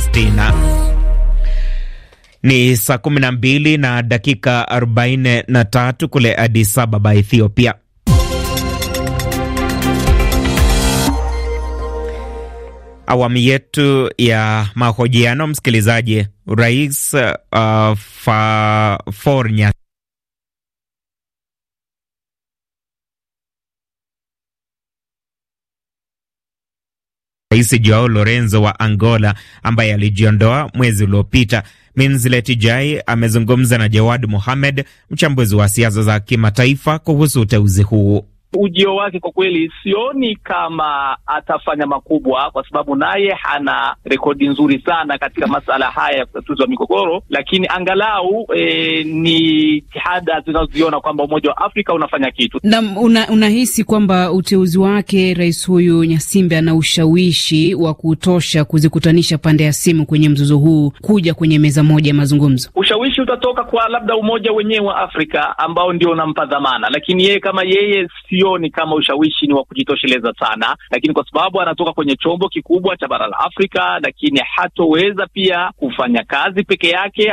Palestina. Ni saa 12 na dakika 43 kule Addis Ababa, Ethiopia. Awamu yetu ya mahojiano, msikilizaji. Rais uh, Fornya Rais Joao Lorenzo wa Angola ambaye alijiondoa mwezi uliopita. minslet Jai amezungumza na Jawad Mohamed, mchambuzi wa siasa za kimataifa, kuhusu uteuzi huu ujio wake kwa kweli sioni kama atafanya makubwa, kwa sababu naye hana rekodi nzuri sana katika masala haya ya kutatuzi wa migogoro, lakini angalau e, ni jitihada zinazoziona kwamba Umoja wa Afrika unafanya kitu. Na una, unahisi kwamba uteuzi wake rais huyu Nyasimbe ana ushawishi wa kutosha kuzikutanisha pande ya simu kwenye mzozo huu kuja kwenye meza moja ya mazungumzo? Ushawishi utatoka kwa labda umoja wenyewe wa Afrika ambao ndio unampa dhamana, lakini yeye kama yeye si sioni kama ushawishi ni wa kujitosheleza sana, lakini kwa sababu anatoka kwenye chombo kikubwa cha bara la Afrika, lakini hatoweza pia kufanya kazi peke yake.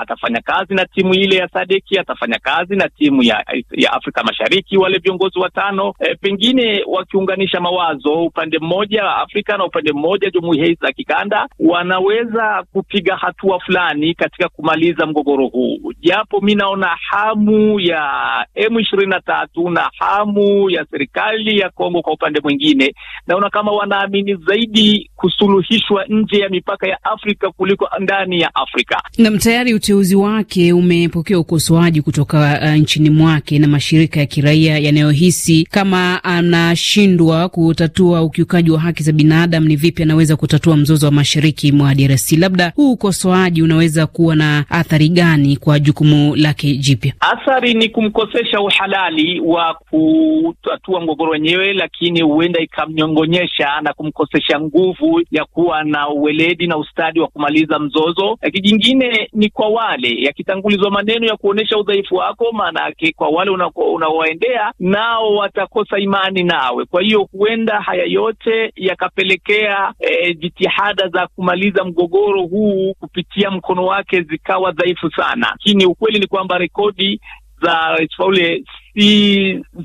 atafanya kazi na timu ile ya Sadeki, atafanya kazi na timu ya, ya Afrika Mashariki, wale viongozi watano e, pengine wakiunganisha mawazo, upande mmoja Afrika na upande mmoja jumuiya hizi za kikanda, wanaweza kupiga hatua fulani katika kumaliza mgogoro huu, japo mi naona hamu ya M ishirini na tatu na hamu nidhamu ya serikali ya Kongo kwa upande mwingine, naona kama wanaamini zaidi kusuluhishwa nje ya mipaka ya Afrika kuliko ndani ya Afrika. Na tayari uteuzi wake umepokea ukosoaji kutoka uh, nchini mwake na mashirika ya kiraia yanayohisi kama anashindwa kutatua ukiukaji wa haki za binadamu, ni vipi anaweza kutatua mzozo wa mashariki mwa DRC? Labda huu ukosoaji unaweza kuwa na athari gani kwa jukumu lake jipya? Athari ni kumkosesha uhalali wa ku kutatua mgogoro wenyewe, lakini huenda ikamnyongonyesha na kumkosesha nguvu ya kuwa na uweledi na ustadi wa kumaliza mzozo. Lakini jingine ni kwa wale, yakitangulizwa maneno ya kuonyesha udhaifu wako, maana yake kwa wale unaowaendea nao watakosa imani nawe. Kwa hiyo huenda haya yote yakapelekea e, jitihada za kumaliza mgogoro huu kupitia mkono wake zikawa dhaifu sana, lakini ukweli ni kwamba rekodi za Rais Faule si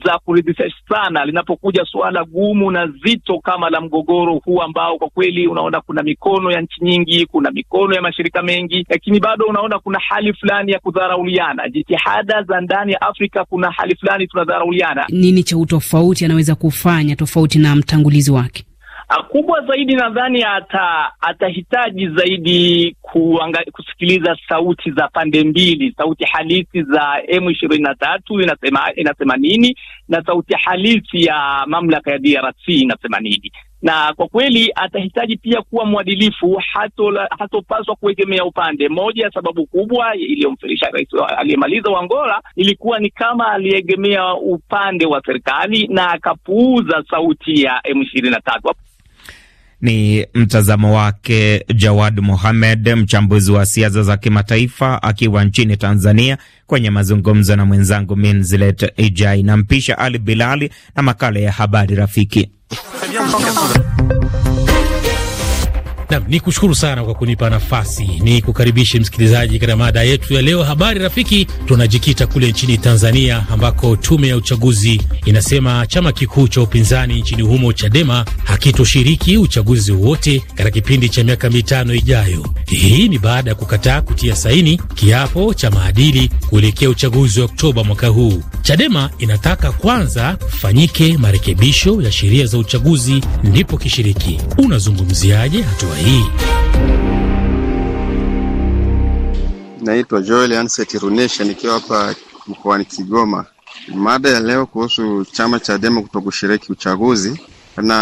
za kuridhisha sana linapokuja suala gumu na zito kama la mgogoro huu ambao kwa kweli unaona kuna mikono ya nchi nyingi, kuna mikono ya mashirika mengi, lakini bado unaona kuna hali fulani ya kudharauliana. Jitihada za ndani ya Afrika, kuna hali fulani tunadharauliana. Nini cha utofauti anaweza kufanya tofauti na mtangulizi wake? Ah, kubwa zaidi, nadhani ata, atahitaji zaidi kuanga, kusikiliza sauti za pande mbili, sauti halisi za M ishirini na tatu inasema inasema nini na sauti halisi ya mamlaka ya DRC inasema nini na kwa kweli atahitaji pia kuwa mwadilifu, hatopaswa kuegemea upande moja. Ya sababu kubwa iliyomfirisha rais aliyemaliza wa Angola ilikuwa ni kama aliegemea upande wa serikali na akapuuza sauti ya M ishirini na tatu. Ni mtazamo wake Jawad Mohamed, mchambuzi wa siasa za kimataifa akiwa nchini Tanzania, kwenye mazungumzo na mwenzangu Minzilet Ijai. Nampisha Ali Bilali na makala ya habari rafiki Nam, ni kushukuru sana kwa kunipa nafasi. Ni kukaribishe msikilizaji katika mada yetu ya leo, habari rafiki. Tunajikita kule nchini Tanzania ambako tume ya uchaguzi inasema chama kikuu cha upinzani nchini humo Chadema hakitoshiriki uchaguzi wowote katika kipindi cha miaka mitano ijayo. Hii ni baada ya kukataa kutia saini kiapo cha maadili kuelekea uchaguzi wa Oktoba mwaka huu. Chadema inataka kwanza kufanyike marekebisho ya sheria za uchaguzi ndipo kishiriki. Unazungumziaje hatua hii? Naitwa Joel Anset Runesha nikiwa hapa mkoani Kigoma. Mada ya leo kuhusu chama Chadema kutokushiriki uchaguzi, na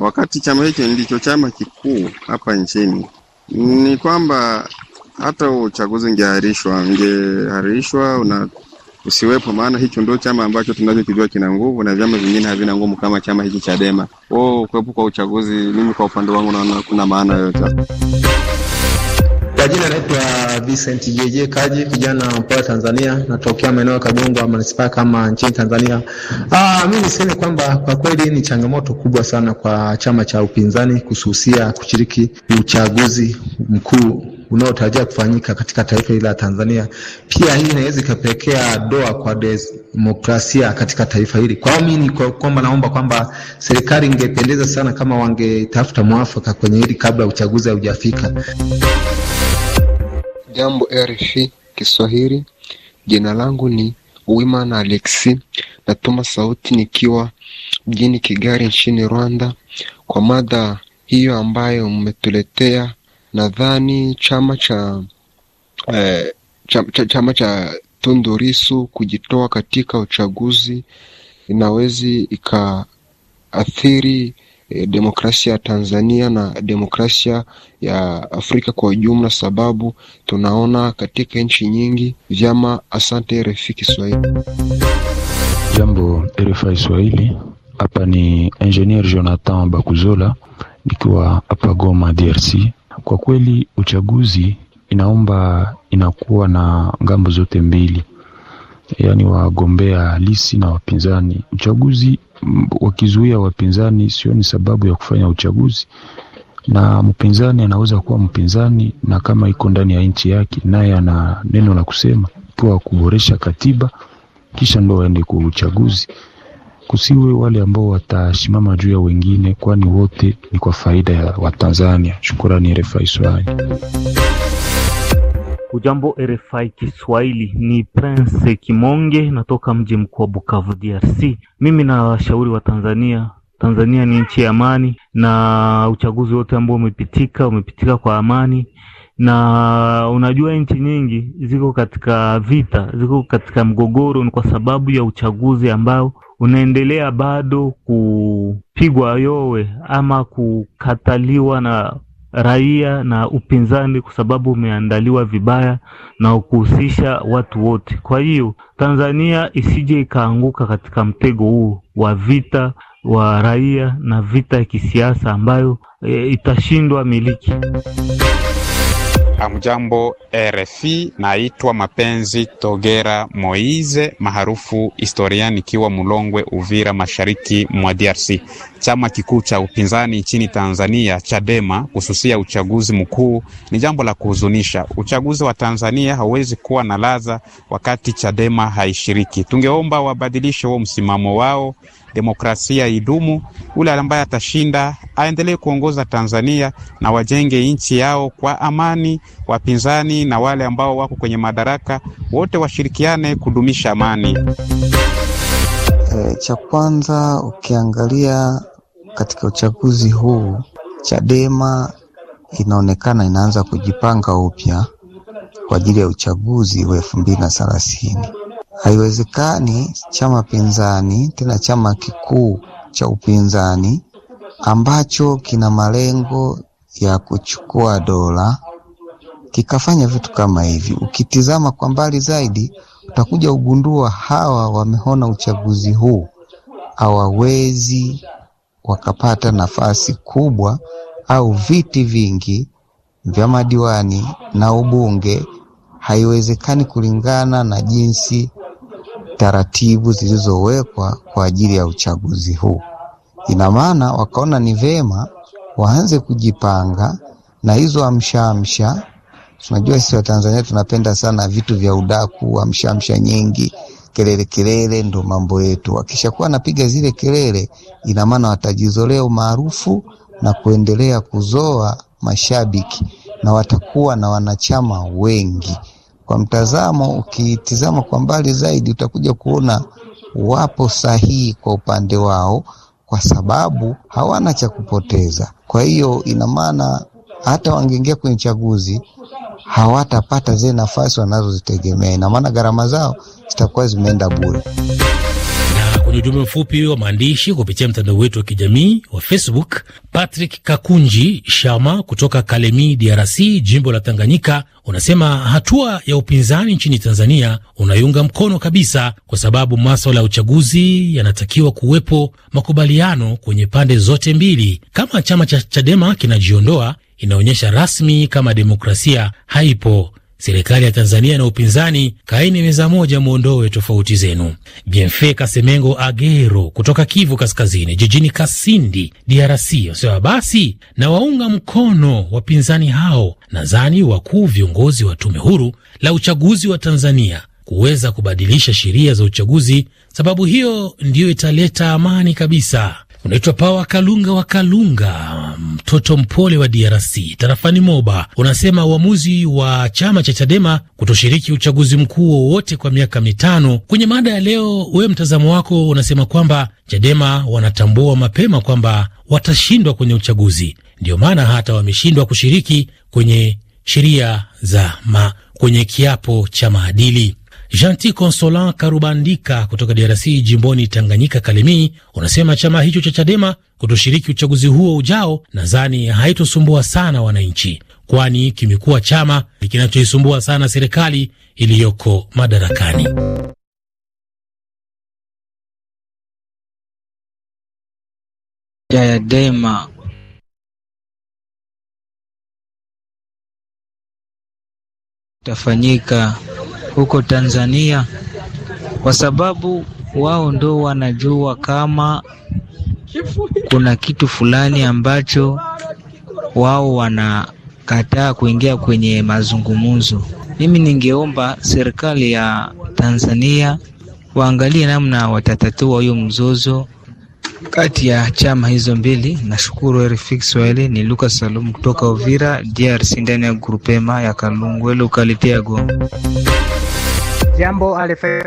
wakati chama hicho ndicho chama kikuu hapa nchini, ni kwamba hata uchaguzi ungeahirishwa ungeahirishwa, una usiwepo, maana hicho ndio chama ambacho tunachokijua kina nguvu na vyama vingine havina nguvu kama chama hiki Chadema. Oh, kuwepo kwa uchaguzi, mimi kwa upande wangu naona kuna maana yoyote. Kwa jina naitwa Vincent JJ Kaji, kijana mpoa Tanzania, natokea maeneo ya Kagongo manispaa kama nchini Tanzania. Ah, mimi niseme kwamba kwa kweli ni changamoto kubwa sana kwa chama cha upinzani kususia kushiriki uchaguzi mkuu unaotarajia kufanyika katika taifa hili la Tanzania. Pia hii inaweza ikapelekea doa kwa demokrasia katika taifa hili. Kwa mimi kwamba naomba kwamba serikali ingependeza sana kama wangetafuta mwafaka kwenye hili kabla uchaguzi haujafika. Jambo RFI Kiswahili, jina langu ni na Alexi, natuma sauti nikiwa mjini Kigali nchini Rwanda kwa mada hiyo ambayo mmetuletea nadhani chama cha eh, chama cha, chama cha Tundurisu kujitoa katika uchaguzi inawezi ikaathiri eh, demokrasia ya Tanzania na demokrasia ya Afrika kwa ujumla, sababu tunaona katika nchi nyingi vyama. Asante RFI Kiswahili. Jambo RFI Swahili, hapa ni Engineer Jonathan Bakuzola nikiwa hapa Goma, DRC. Kwa kweli uchaguzi inaomba inakuwa na ngambo zote mbili, yaani wagombea halisi na wapinzani. Uchaguzi mm, wakizuia wapinzani, sioni sababu ya kufanya uchaguzi, na mpinzani anaweza kuwa mpinzani, na kama iko ndani ya nchi yake, naye ana neno la kusema, kwa kuboresha katiba, kisha ndo aende kwa uchaguzi kusiwe wale ambao watasimama juu ya wengine, kwani wote ni kwa faida ya Watanzania. Shukurani RFI Kiswahili. Ujambo RFI Kiswahili, ni Prince Kimonge, natoka mji mkuu wa Bukavu, DRC. Mimi na washauri wa Tanzania Tanzania ni nchi ya amani, na uchaguzi wote ambao umepitika umepitika kwa amani. Na unajua nchi nyingi ziko katika vita, ziko katika mgogoro, ni kwa sababu ya uchaguzi ambao unaendelea bado kupigwa yowe ama kukataliwa na raia na upinzani kwa sababu umeandaliwa vibaya na kuhusisha watu wote. Kwa hiyo Tanzania isije ikaanguka katika mtego huo wa vita wa raia na vita ya kisiasa ambayo e, itashindwa miliki. Amjambo RFI, naitwa Mapenzi Togera Moize maarufu historia, nikiwa Mulongwe, Uvira, mashariki mwa DRC. Chama kikuu cha upinzani nchini Tanzania Chadema kususia uchaguzi mkuu ni jambo la kuhuzunisha. Uchaguzi wa Tanzania hauwezi kuwa na ladha wakati Chadema haishiriki. Tungeomba wabadilishe huo msimamo wao demokrasia idumu. Ule ambaye atashinda aendelee kuongoza Tanzania na wajenge nchi yao kwa amani. Wapinzani na wale ambao wako kwenye madaraka wote washirikiane kudumisha amani. E, cha kwanza ukiangalia katika uchaguzi huu Chadema inaonekana inaanza kujipanga upya kwa ajili ya uchaguzi wa elfu mbili na thelathini. Haiwezekani chama pinzani, tena chama kikuu cha upinzani ambacho kina malengo ya kuchukua dola kikafanya vitu kama hivi. Ukitizama kwa mbali zaidi, utakuja ugundua hawa wameona uchaguzi huu hawawezi wakapata nafasi kubwa au viti vingi vya madiwani na ubunge. Haiwezekani kulingana na jinsi taratibu zilizowekwa kwa ajili ya uchaguzi huu. Ina maana wakaona ni vema waanze kujipanga na hizo amshaamsha. Tunajua sisi Watanzania tunapenda sana vitu vya udaku, amshaamsha nyingi, kelele kelele, ndo mambo yetu. Wakishakuwa napiga zile kelele, ina maana watajizolea umaarufu na kuendelea kuzoa mashabiki na watakuwa na wanachama wengi. Kwa mtazamo, ukitizama kwa mbali zaidi, utakuja kuona wapo sahihi kwa upande wao, kwa sababu hawana cha kupoteza. Kwa hiyo ina maana hata wangeingia kwenye chaguzi hawatapata zile nafasi wanazozitegemea. Ina maana gharama zao zitakuwa zimeenda bure ni ujumbe mfupi wa maandishi kupitia mtandao wetu wa kijamii wa Facebook. Patrick Kakunji Shama kutoka Kalemi, DRC, jimbo la Tanganyika, unasema hatua ya upinzani nchini Tanzania unaiunga mkono kabisa, kwa sababu maswala ya uchaguzi yanatakiwa kuwepo makubaliano kwenye pande zote mbili. Kama chama cha Chadema kinajiondoa, inaonyesha rasmi kama demokrasia haipo serikali ya Tanzania na upinzani, kaeni meza moja, mwondowe tofauti zenu. Bienfe Kasemengo Agero kutoka Kivu Kaskazini, jijini Kasindi, DRC, wasema basi na waunga mkono wapinzani hao. Nadhani wakuu viongozi wa tume huru la uchaguzi wa Tanzania kuweza kubadilisha sheria za uchaguzi, sababu hiyo ndiyo italeta amani kabisa unaitwa Pawa Kalunga wa Kalunga, mtoto mpole wa DRC tarafani Moba, unasema uamuzi wa chama cha Chadema kutoshiriki uchaguzi mkuu wowote kwa miaka mitano. Kwenye mada ya leo, wewe mtazamo wako unasema kwamba Chadema wanatambua mapema kwamba watashindwa kwenye uchaguzi, ndiyo maana hata wameshindwa kushiriki kwenye sheria za ma, kwenye kiapo cha maadili. Janti Consolan Karubandika kutoka DRC jimboni Tanganyika Kalemii, unasema chama hicho cha Chadema kutoshiriki uchaguzi huo ujao, nadhani haitosumbua sana wananchi, kwani kimekuwa chama kinachoisumbua sana serikali iliyoko madarakani. Chadema itafanyika huko Tanzania kwa sababu wao ndo wanajua kama kuna kitu fulani ambacho wao wanakataa kuingia kwenye mazungumzo. Mimi ningeomba serikali ya Tanzania waangalie namna watatatua huyo mzozo kati ya chama hizo mbili. Nashukuru RFI Kiswahili, ni Lucas Salum kutoka Uvira, DRC, ndani ya grupema ya Kalungwelo kalitia Goma. Jambo RFI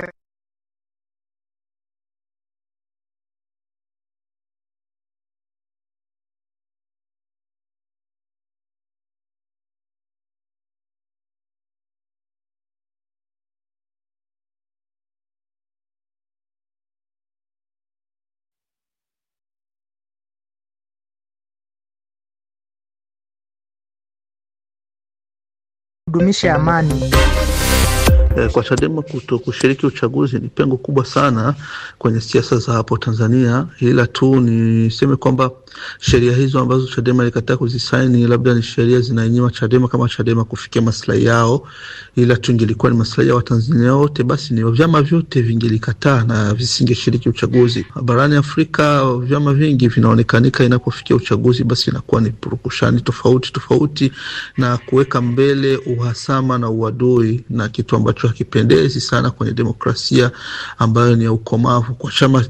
kudumisha amani. Eh, kwa Chadema kuto kushiriki uchaguzi ni pengo kubwa sana kwenye siasa za hapo Tanzania, ila tu niseme kwamba sheria hizo ambazo Chadema ilikataa kuzisaini, labda ni sheria zinainyima Chadema kama Chadema kufikia maslahi yao, ila tu ingilikuwa ni maslahi ya Watanzania wote, basi ni vyama vyote vingelikataa na visingeshiriki uchaguzi. Barani Afrika vyama vingi vinaonekanika, inapofikia uchaguzi, basi inakuwa ni purukushani tofauti tofauti na kuweka mbele uhasama na uadui, na kitu ambacho hakipendezi sana kwenye demokrasia ambayo ni ya ukomavu. Kwa chama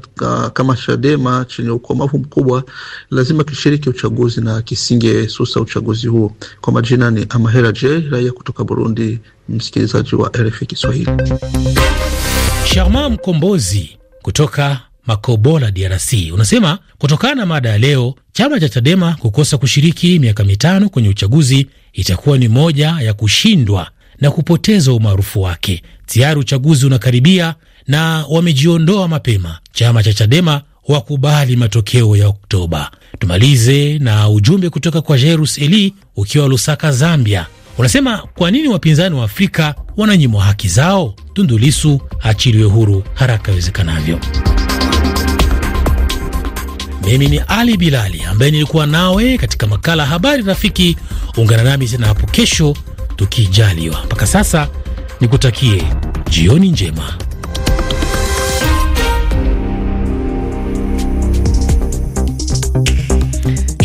kama Chadema chenye ukomavu mkubwa lazima kishiriki uchaguzi na kisinge susa uchaguzi huo. Kwa majina ni Amahera J, raia kutoka Burundi, msikilizaji wa RFI Kiswahili. Sharma Mkombozi kutoka Makobola, DRC, unasema kutokana na mada ya leo, chama cha Chadema kukosa kushiriki miaka mitano kwenye uchaguzi itakuwa ni moja ya kushindwa na kupoteza umaarufu wake. Tayari uchaguzi unakaribia na wamejiondoa mapema. Chama cha Chadema wakubali matokeo ya Oktoba. Tumalize na ujumbe kutoka kwa Jairus Eli ukiwa Lusaka, Zambia. Unasema, kwa nini wapinzani wa Afrika wananyimwa haki zao? Tundulisu achiliwe huru haraka iwezekanavyo. Mimi ni Ali Bilali ambaye nilikuwa nawe katika makala Habari Rafiki. Ungana nami tena hapo kesho tukijaliwa. Mpaka sasa nikutakie jioni njema.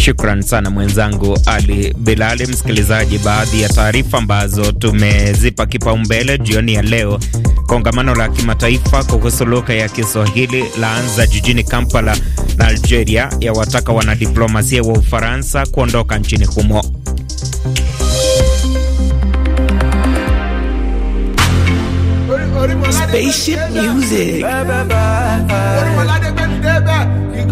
Shukran sana mwenzangu Ali Bilali. Msikilizaji, baadhi ya taarifa ambazo tumezipa kipaumbele jioni ya leo: kongamano la kimataifa kuhusu lugha ya Kiswahili laanza jijini Kampala na Algeria yawataka wanadiplomasia wa Ufaransa kuondoka nchini humo. Spaceship music.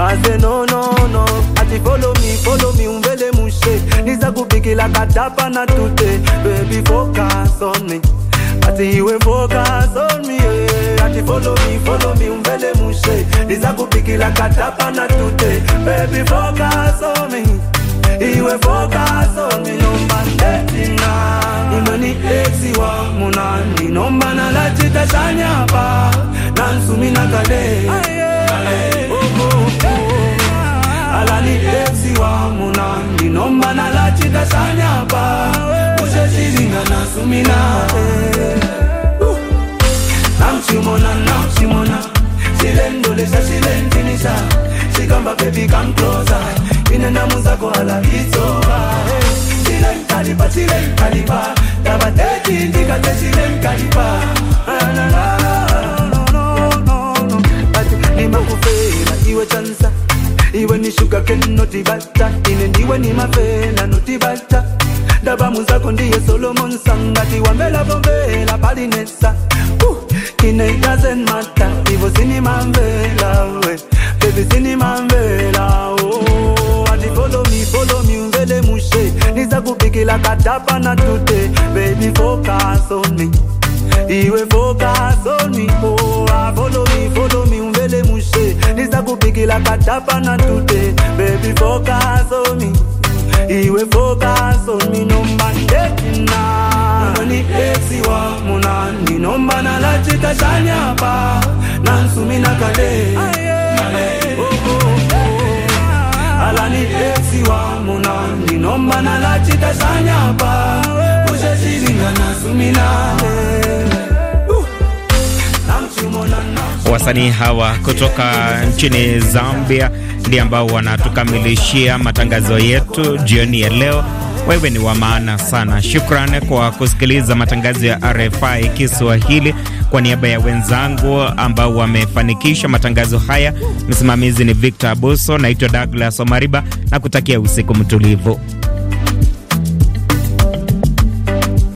I nonono no no no. Ati follow me, follow me, umbele mushe. Niza katapa na tute. Baby focus Ati iwe focus Ati follow me, follow me, umbele mushe. Niza katapa na tute. Baby focus Iwe focus on me, number na munani nombana na lachita Nansumi na kale Aye, aye. alani ezi wa muna ndinomba nalachikasanyapa kusheshilinga nasumina uh. namchimona namchimona silendolesa silentinisa sikamba bebi kamkloza inendamu zako alalitsoba silenkalipa silenkalipa ndabatetindikatesilenkalipa nimakufea nipewe chansa iwe ni shuga ken notibata ine ndiwe ni mafena notibata dabamu zako ndiye solomon sangati wambelavomvela palinesa ine doesn't matter ivo sinimamvela we bebi sinimamvela oh. ati katapa na tute baby focus iwe focus oh. kubikila katapana tude bebi fokasomi iwe fokasomi nombandetina ni esiwa munani nombana lacika shanyapa nansumi na kale alaniesiwa munani nombana lacika shanyapa kushesilinga nasumina wasanii hawa kutoka nchini Zambia ndio ambao wanatukamilishia matangazo yetu jioni ya leo. Wewe ni wa maana sana. shukran kwa kusikiliza matangazo ya RFI Kiswahili. Kwa niaba ya wenzangu ambao wamefanikisha matangazo haya, msimamizi ni Victor Abuso, naitwa Douglas Omariba na kutakia usiku mtulivu.